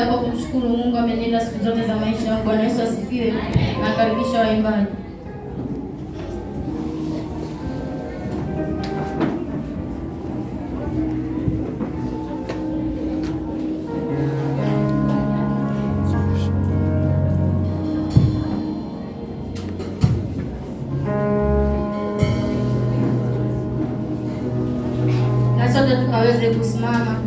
Japo kumshukuru Mungu amenenda siku zote za maisha yangu. Bwana Yesu asifiwe. Nakaribisha waimbaji. Sote tukaweze kusimama.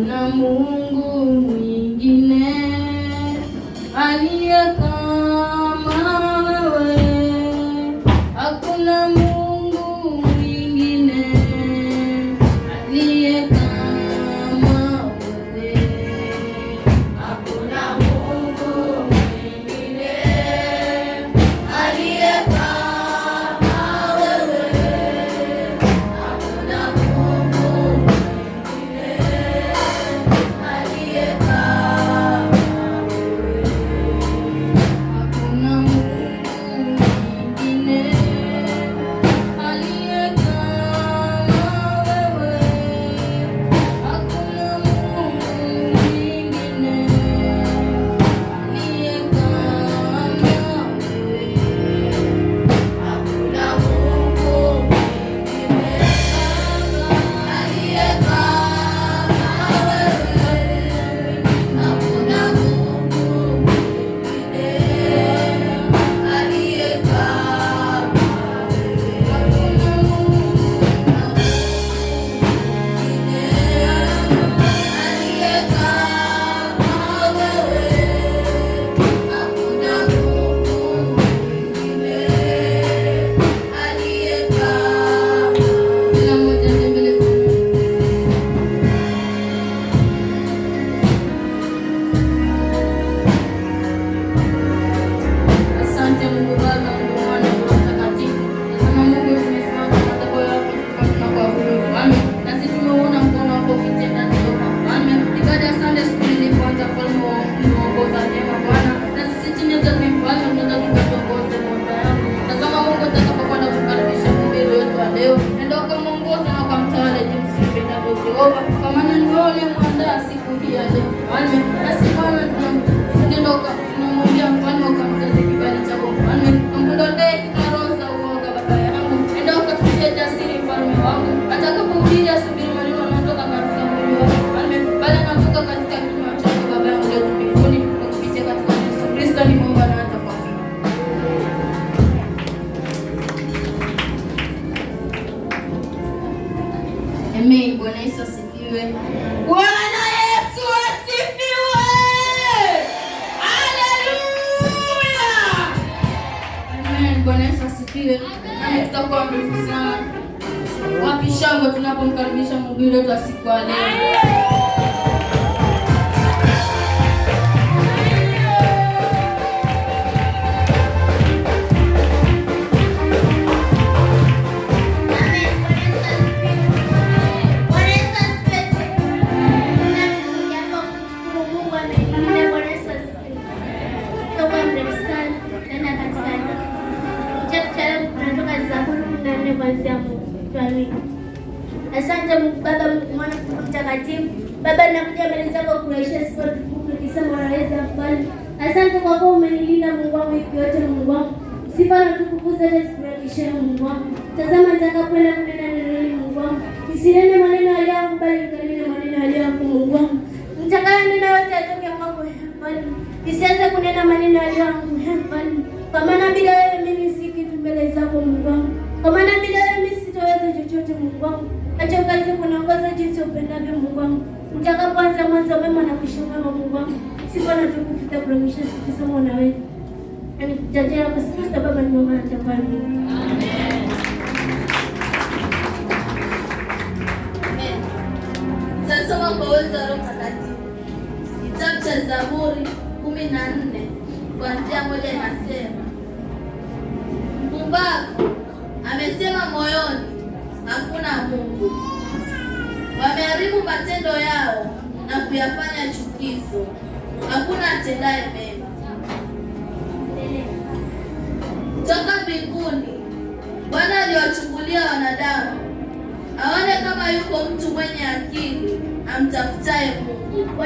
نموت Bali navuka katika mlima mtakatifu Baba yangu leo mbinguni kwa kupitia katika Yesu Kristo ni Mungu anaanza kwa mimi. Amen. Bwana Yesu asifiwe. Bwana Yesu asifiwe. Haleluya. Amen. Bwana Yesu asifiwe. Amen. Tutakuwa mrefu sana. Wapi shangwe tunapomkaribisha mhubiri wetu wa leo. kumalizia Mungu. Asante Mungu Baba, Mungu Mwana, Mungu Mtakatifu. Baba, nakuja mbele zako kunaisha sifa tukufu kisa mwanaweza mbali. Asante kwa kuwa umenilinda Mungu wangu hiki yote Mungu wangu. Sifa na tukufu zote zikurudishie Mungu wangu. Tazama nitakapoenda kunena neno hili Mungu wangu. Nisinene maneno yaliyo bali nikanene maneno yaliyo Mungu wangu. Nitakayo nena yote atoke kwako hemani. Nisianze kunena maneno yaliyo Mungu hemani. Kwa maana bila wewe mimi si kitu mbele zako Mungu wangu. Kwa maana bila wewe mimi sitaweza chochote Mungu wangu. Acha kazi kunaongoza jinsi upendavyo Mungu wangu. Mtakapoanza mwanzo mema na mwisho mwema Mungu wangu. Sifa na tukufu zitakurudisha tukisema wewe. Yaani sisi kusikiza baba ni mama atakuwa ni. Amen. Tutasoma kwa uwezo wa Roho Mtakatifu. Kitabu cha Zaburi 14 kuanzia moja inasema mpumbavu moyoni hakuna Mungu. Wameharibu matendo yao na kuyafanya chukizo, hakuna atendaye mema. Toka mbinguni Bwana aliwachungulia wanadamu aone kama yuko mtu mwenye akili amtafutaye Mungu.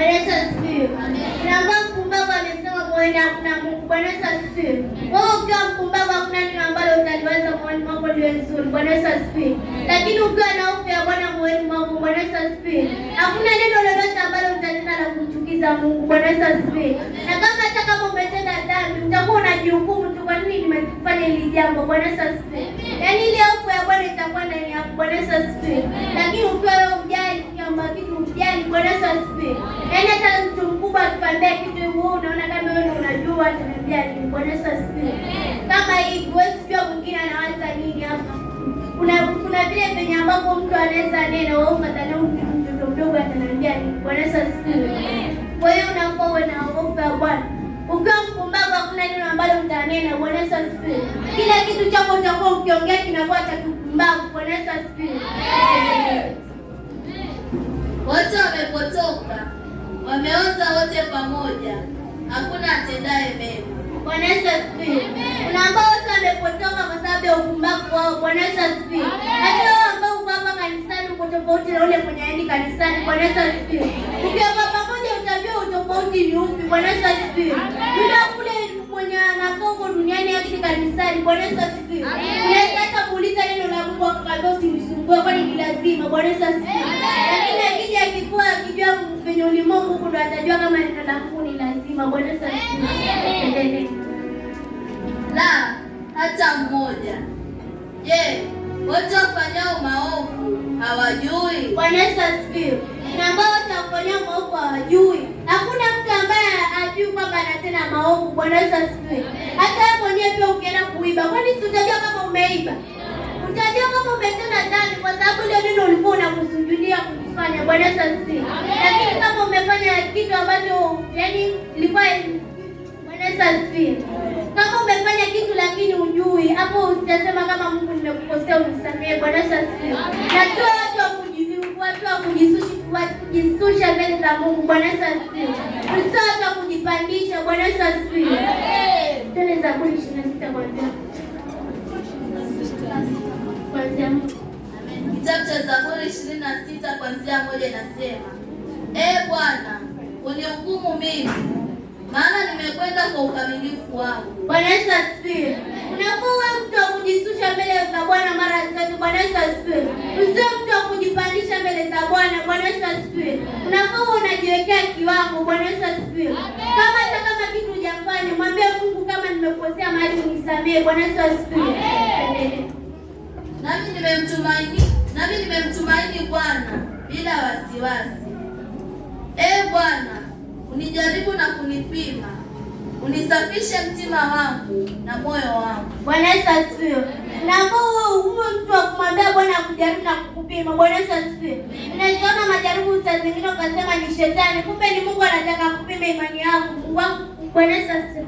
Amen kuenda kuna Mungu. Bwana Yesu asifiwe. Wewe ukiwa mpumbavu, hakuna neno ambalo utaliweza moyoni mwako liwe nzuri. Bwana Yesu asifiwe. Lakini ukiwa na hofu ya Bwana moyoni mwako, Bwana Yesu asifiwe. Hakuna neno lolote ambalo utatenda la kumchukiza Mungu. Bwana Yesu asifiwe. Na kama hata kama umetenda dhambi, utakuwa unajihukumu tu, kwa nini nimefanya hili jambo? Bwana Yesu asifiwe. Yaani ile hofu ya Bwana itakuwa ndani yako. Bwana Yesu asifiwe. Lakini ukiwa wewe mjali, ukiamua kitu mjali. Bwana Yesu asifiwe. Yaani hata mtu mkubwa akipambia kitu huu unaona kama wewe unajua, tunaambia ni Bwana Yesu asifiwe. Kama hii huwezi kujua mwingine anawaza nini hapa. Kuna kuna vile penye ambapo mtu anaweza neno au kadhani mtoto mdogo atanambia ni Bwana Yesu asifiwe. Kwa hiyo unakuwa wewe na hofu ya Bwana. Ukiwa mpumbavu hakuna neno ambalo mtanena. Bwana Yesu asifiwe. Kila kitu chako utakuwa ukiongea kinakuwa cha kupumbavu. Bwana Yesu asifiwe. Wote wamepotoka wameoza wote pamoja, hakuna atendaye mema. Bwana Yesu asifiwe. Kuna ambao wote wamepotoka kwa sababu ya upumbavu wao. Bwana Yesu asifiwe. Lakini wao ambao uko hapa kanisani uko tofauti na ule mwenye aendi kanisani. Bwana Yesu asifiwe. Ukiwa pamoja utajua utofauti ni upi. Bwana Yesu asifiwe. Yule kule mwenye ana Kongo duniani akishi kanisani. Bwana Yesu asifiwe. Unaweza hata neno la Mungu akakwambia usinisumbue, kwani ni lazima. Bwana Yesu asifiwe. Lakini akija akikuwa akijua kwenye ulimwengu huko atajua kama neno la Mungu ni lazima. Bwana Yesu asifiwe. La hata mmoja. Je, wote wafanyao maovu hawajui? Bwana Yesu asifiwe. Na ambao wote wafanyao maovu hawajui. Hakuna hajui kwamba ana tena maovu. Bwana Yesu asifiwe. Hata wewe mwenyewe pia ukienda kuiba, kwani si utajua kama umeiba? Utajua kama umetenda dhambi, kwa sababu ndio neno ulikuwa unakusujudia kufanya. Bwana Yesu asifiwe. Lakini kama umefanya kitu ambacho yani ilikuwa Bwana Yesu asifiwe. Kama umefanya kitu lakini ujui, hapo utasema kama Mungu nimekukosea, unisamehe. Bwana Yesu asifiwe. Na tu watu wa watu wa kujisusi kujistusha mbele za Mungu. Bwana Yesu asifiwe. Mtoto kujipandisha. Bwana Yesu asifiwe. Tene Zaburi ishirini na sita kwanzia kwanzia kitabu cha Zaburi 26 na sita moja inasema, Ee Bwana unihukumu mimi, maana nimekwenda kwa ukamilifu wangu. Bwana Yesu asifiwe mnakuwa kujisusha mbele za Bwana mara zote. Bwana Yesu asifiwe. mtu wa kujipandisha mbele za Bwana. Bwana Yesu asifiwe. Unakuwa unajiwekea kiwango. Bwana Yesu asifiwe. Kama hata kama kitu hujafanya, mwambie Mungu, kama nimekosea mahali unisamehe. Bwana Yesu asifiwe. Nami nimemtumaini, nami nimemtumaini Bwana bila wasiwasi. Ee Bwana, unijaribu na kunipima unisafishe mtima wangu na moyo wangu. Bwana Yesu asifiwe. Na kwa uwe mtu wa kumwambia Bwana akujaribu na kukupima. Bwana Yesu asifiwe. Unaziona majaribu saa zingine ukasema ni shetani, kumbe ni Mungu anataka kupima imani yako. Mungu wangu, Bwana Yesu asifiwe.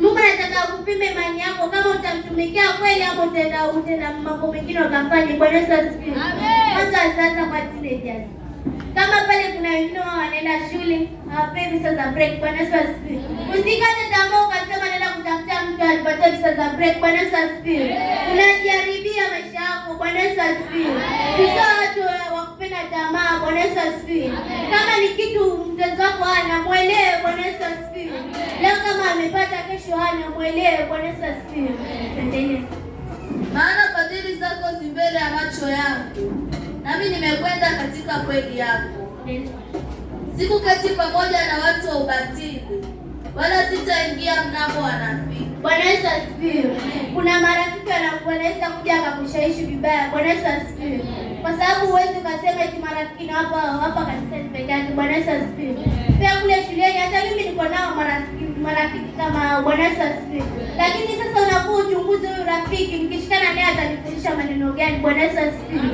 Mungu anataka kupima imani yako, kama utamtumikia kweli hapo utaenda utenda mambo mengine ukafanya. Bwana Yesu asifiwe. Amen. Sasa sasa kwa teenagers kama pale kuna wengine wao wanaenda shule hawapewi visa za break. Bwana Yesu asifiwe. Usikate tamaa ukasema naenda kutafuta mtu alipatia visa za break. Bwana Yesu asifiwe. Unajaribia maisha yako. Bwana Yesu asifiwe. Visa watu wa kupenda tamaa. Bwana Yesu asifiwe. Kama ni kitu mzazi wako ana mwelewe. Bwana Yesu asifiwe. Leo kama amepata, kesho ana mwelewe. Bwana Yesu asifiwe. Maana fadhili zako zi mbele ya macho yangu nami nimekwenda katika kweli yako. Sikuketi pamoja na watu wa ubatili, wala sitaingia mnapo wanafiki. Bwana Yesu asifiwe. Kuna marafiki wanaweza kuja akakushawishi vibaya. Bwana Yesu asifiwe, kwa sababu huwezi ukasema eti marafiki na hapa wapo kanisani peke yake. Bwana Yesu asifiwe. Pia kule shuleni, hata mimi niko nao marafiki marafiki kama Bwana Yesu asifiwe. Lakini sasa unakuwa uchunguzi huyu rafiki, mkishikana naye atanifundisha maneno gani? Bwana Yesu asifiwe.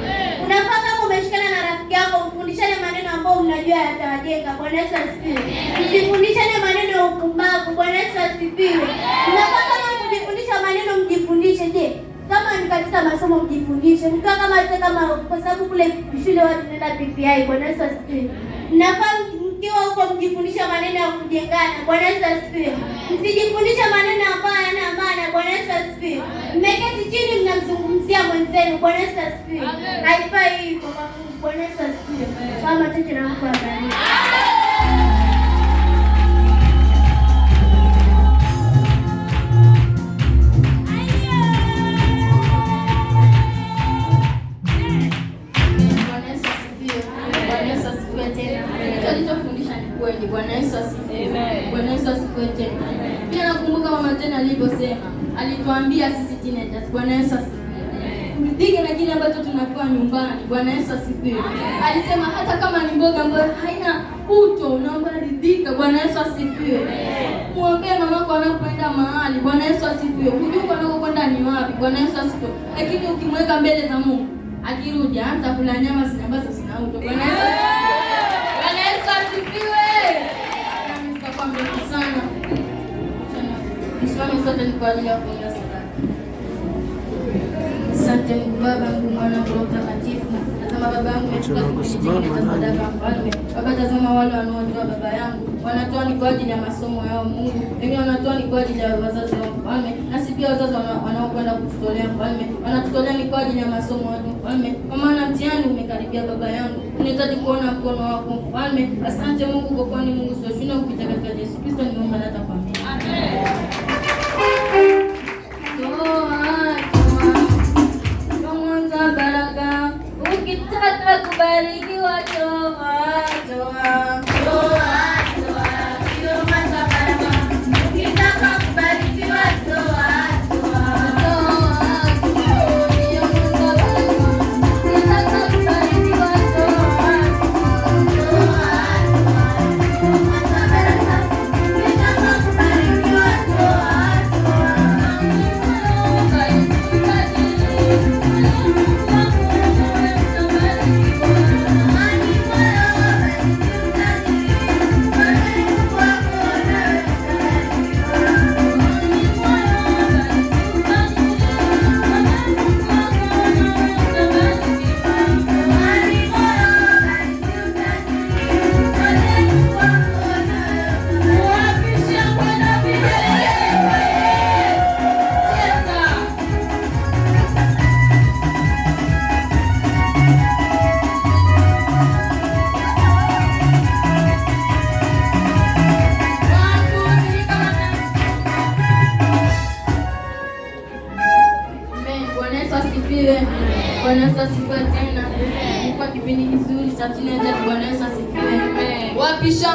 najua yatawajenga. Bwana Yesu asifiwe. Msifundishane maneno ya upumbavu. Bwana Yesu asifiwe. Mnakaa kama mjifundisha maneno, mjifundishe. Je, kama ni katika masomo mjifundishe, mkiwa kama hata kama kwa sababu kule shule watu nenda PPI. Bwana Yesu asifiwe. Mnafaa mkiwa huko mjifundisha maneno ya kujengana. Bwana Yesu asifiwe. Msijifundisha maneno ambayo yana maana. Bwana asifiwe. Mmeketi chini mnamzungumzia mwenzenu. Bwana Yesu asifiwe. Haifai hivyo. Bwana Yesu asifiwe. Mama, tuche na Mungu abariki. Bwana Yesu asifiwe. Bwana Yesu asifiwe tena. Pia nakumbuka mama tena aliposema, alituambia sisi teenagers, Bwana Yesu asifiwe. Tupige na kile ambacho tunakuwa nyumbani, Bwana Yesu asifiwe. Alisema hata kama ni mboga ambayo haina uto, naomba ridhika, Bwana Yesu asifiwe. Muombee mamako anapoenda mahali, Bwana Yesu asifiwe. Hujui anakokwenda ni wapi, Bwana Yesu asifiwe. Lakini ukimweka mbele za Mungu, akirudi anza kula nyama ambazo zina uto. Bwana Yesu asifiwe. kwa mrefu sana. Asante Mungu Baba, Mungu Mwana, Roho Mtakatifu. Natazama Baba yangu ametuka kusimama na sadaka mfalme Baba, tazama wale wanaojua baba yangu wanatoa ni kwa ajili ya masomo yao Mungu, wengine wanatoa ni kwa ajili ya wazazi wao Mfalme, nasi pia wazazi wanaokwenda kututolea Mfalme, wanatutolea ni kwa ajili ya masomo yao Mfalme, kwa maana mtihani umekaribia baba yangu, unahitaji kuona mkono wako Mfalme. Asante Mungu kwa kwani Mungu usioshinda, kupita katika Yesu Kristo nimeomba na atakwambia amen. Baraka ukitaka kubariki 对啊。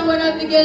when I begin.